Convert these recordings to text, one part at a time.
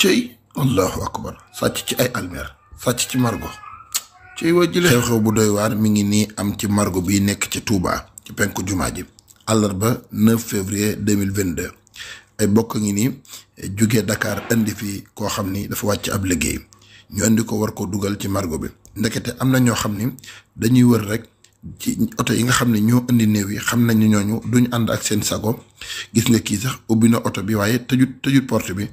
cey allahu akbar sàcc ci ay almer sàcc ci margo cey waa jële xew-xew bu doy waar mi ngi nii am ci margo bi nekk ci tuubaa ci penku jumaa ji àllarba 9 février 2022 ay bokk ngi ni jóge ndakaar indi fi koo xam ni dafa wàcc ab liggéey ñu indi ko war koo dugal ci margo bi ndekete am na ñoo xam ni dañuy wër rek ci oto yi nga xam ne ñoo indi néew yi xam nañ ne ñooñu duñ ànd ak seen sago gis nga kii sax ubbi na oto bi waaye tëjut tëjut port bi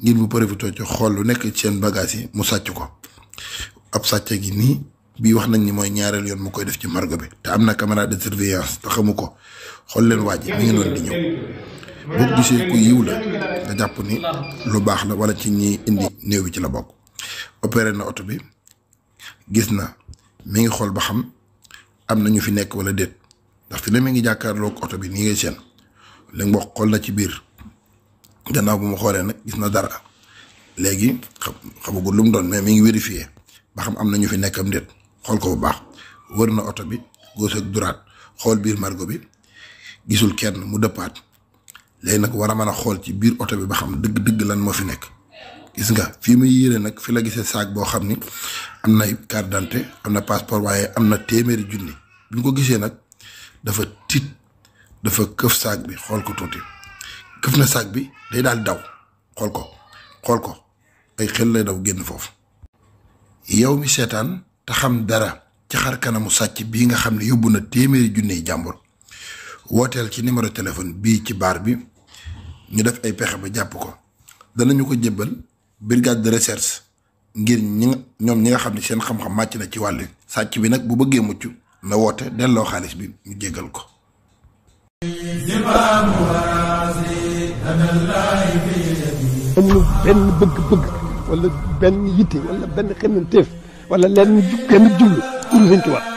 ngir mu profité ci xool lu nekk ci seen bagage yi mu sàcc ko ab sàcc gi nii bii wax nañ ni mooy ñaareel yoon mu koy def ci margo bi te am na caméra de surveillance te ko xool leen waa ji mi ngi noonu di ñëw boo gisee ku yiw la nga jàpp ni lu baax la wala ci ñi indi néew bi ci la bokk opéré na oto bi gis na mi ngi xool ba xam am na ñu fi nekk wala déet ndax fi ne mi ngi jàkkaarlook oto bi nii ngay seen li nga xool na ci biir gannaaw bu mu xoolee nag gis na dara léegi xa xamagul lu mu doon mais mi ngi vérifié ba xam am na ñu fi nekk am déet xool ko bu baax wër na oto bi góos ak duraat xool biir margo bi gisul kenn mu dëppaat léegi nag war a mën a xool ci biir oto bi ba xam dëgg-dëgg lan moo fi nekk. gis nga fii muy yéene nag fi la gisee saag boo xam ni am na carte d'identité am na passeport waaye am na téeméeri junni bi ñu ko gisee nag dafa tiit dafa këf saag bi xool ko tuuti këf na saag bi day daal daw xool ko xool ko ay xel lay daw génn foofu. yow mi seetaan te xam dara ca xar kanamu sàcc bii nga xam ne yóbbu na téeméeri junni jàmbur wooteel ci numéro téléphone bii ci baar bi ñu def ay pexe ba jàpp ko danañu ko jébbal. brigade de recherche ngir ñi nga ñoom ñi nga xam ne seen xam-xam màcc na ci wàll sàcc bi nag bu bëggee mucc na woote delloo xaalis bi ñu jéggal ko amul benn bëgg-bëgg wala benn yitte wala benn xemmanteef wala lenn ju kenn jublu pour